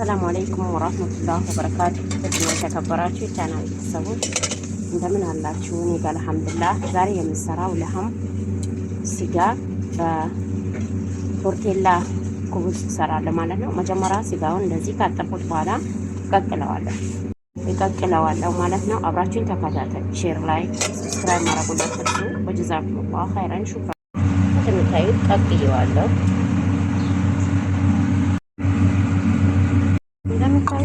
ሰላም አለይኩም ወራህመቱላህ ወበረካቱ። የተከበራችሁ የቻናል ቤተሰቦች እንደምን አላችሁ? እኔ ጋር አልሐምዱሊላህ። ዛሬ የምሰራው ለሀም ስጋ በቶርቴላ ኩብስ እሰራለሁ ማለት ነው። መጀመሪያ ስጋውን እንደዚህ ካጠብኩት በኋላ ቀቅለዋለሁ ይቀቅለዋለሁ ማለት ነው። አብራችሁን ተከታተል። ሼር ላይ ሰብስክራይብ ማድረጉን አትርሱ። ወጀዛኩሙላህ ኸይረን ሹክራን። እንደምታዩት ቀቅየዋለሁ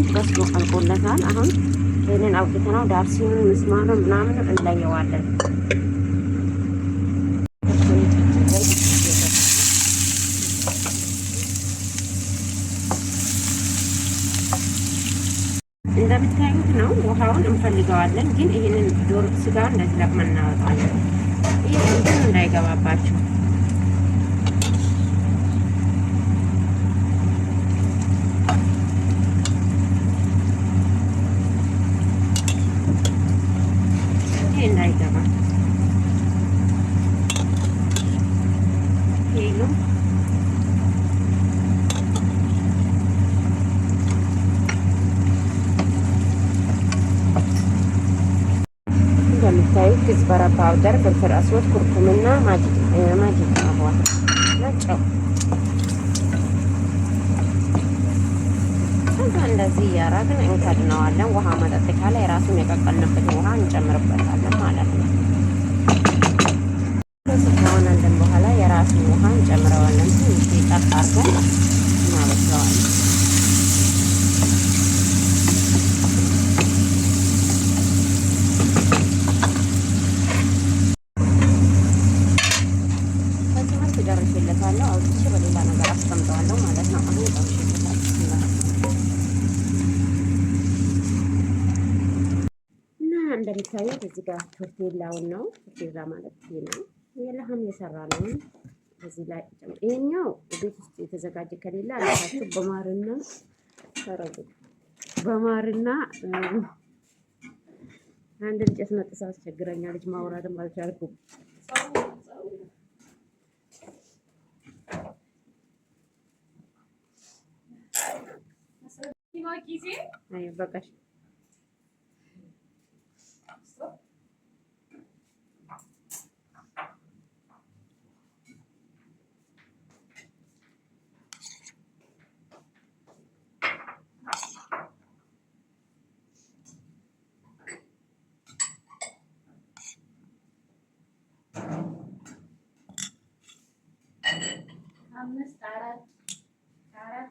ሰዎች በስሎ ቀልቆለታል። አሁን ይህንን አውጥተ ነው ዳርሲኑን ምስማሩን ምናምን እንለየዋለን። እንደምታዩት ነው። ውሃውን እንፈልገዋለን፣ ግን ይህንን ዶር ስጋ እንደዚህ ለቅመን እናወጣለን። ይህ እንዳይገባባቸው እንደምታዩት ግዝበራ ፓውደር፣ ፍልፍል አስወድ፣ ኩርኩምና ማጌጫ አበባ ናቸው። ከዛ እንደዚህ እያረግን እንከድነዋለን። ውሃ መጠጥ ላይ ራሱን የቀቀልንበት ውሃ እንጨምርበታለን ማለት ነው። በኋላ የራሱን ውሃ እንጨምረዋለን። ደርሼለታለሁ። አውጥቼ በሌላ ነገር አስቀምጠዋለሁ ማለት ነው። አሁን ደርሼለታለሁ። እና እንደሚታዩት እዚህ ጋር ቶርቴላውን ነው። ቶርቴላ ማለት ይሄ ነው። የለሀም የሰራ ነው። እዚህ ላይ ይሄኛው ቤት ውስጥ የተዘጋጀ ከሌላ አላችሁ በማርና ሰረጉ በማርና አንድ እንጨት ነጥሳ አስቸግረኛለች። ማውራትም አልቻልኩም። किंवा कीजिए नाही बघा Vamos estar a, estar a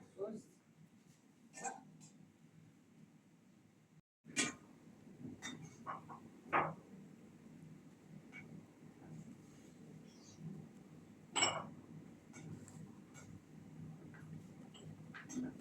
Thank mm -hmm.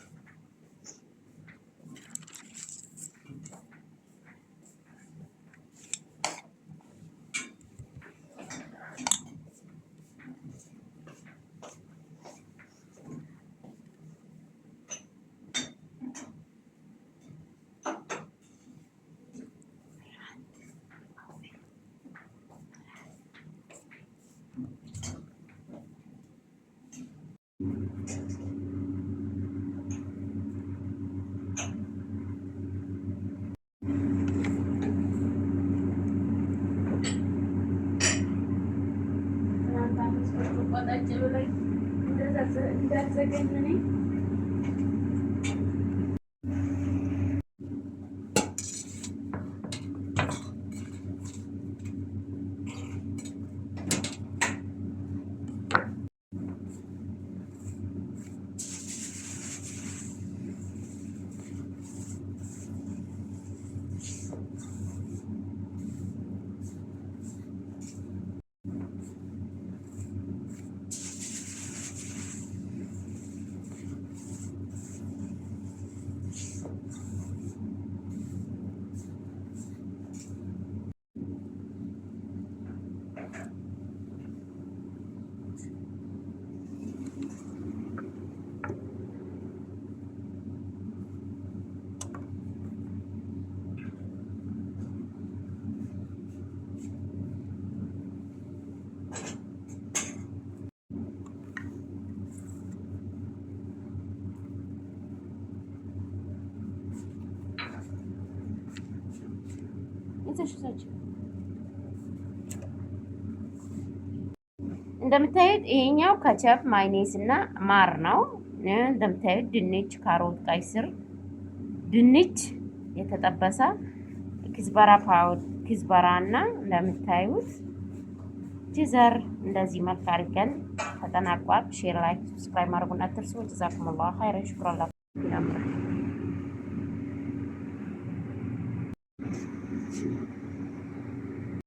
you. അഞ്ച് ജൂലൈ ഇരുപത്തി സെക്കൻഡിന് ይዘሽ ይዘሽ እንደምታዩት ይሄኛው ከቸፕ ማይኔስ እና ማር ነው። እንደምታዩት ድንች፣ ካሮት፣ ቀይ ስር፣ ድንች የተጠበሰ ክዝበራ ፓውድ ክዝበራ እና እንደምታዩት ጅዘር እንደዚህ መልክ አድርገን ተጠናቋል። ሼር፣ ላይክ፣ ሰብስክራይብ ማድረጉን አትርሱ። ጀዛኩሙላሁ ኸይረን። ሽኩራላ ያምራል።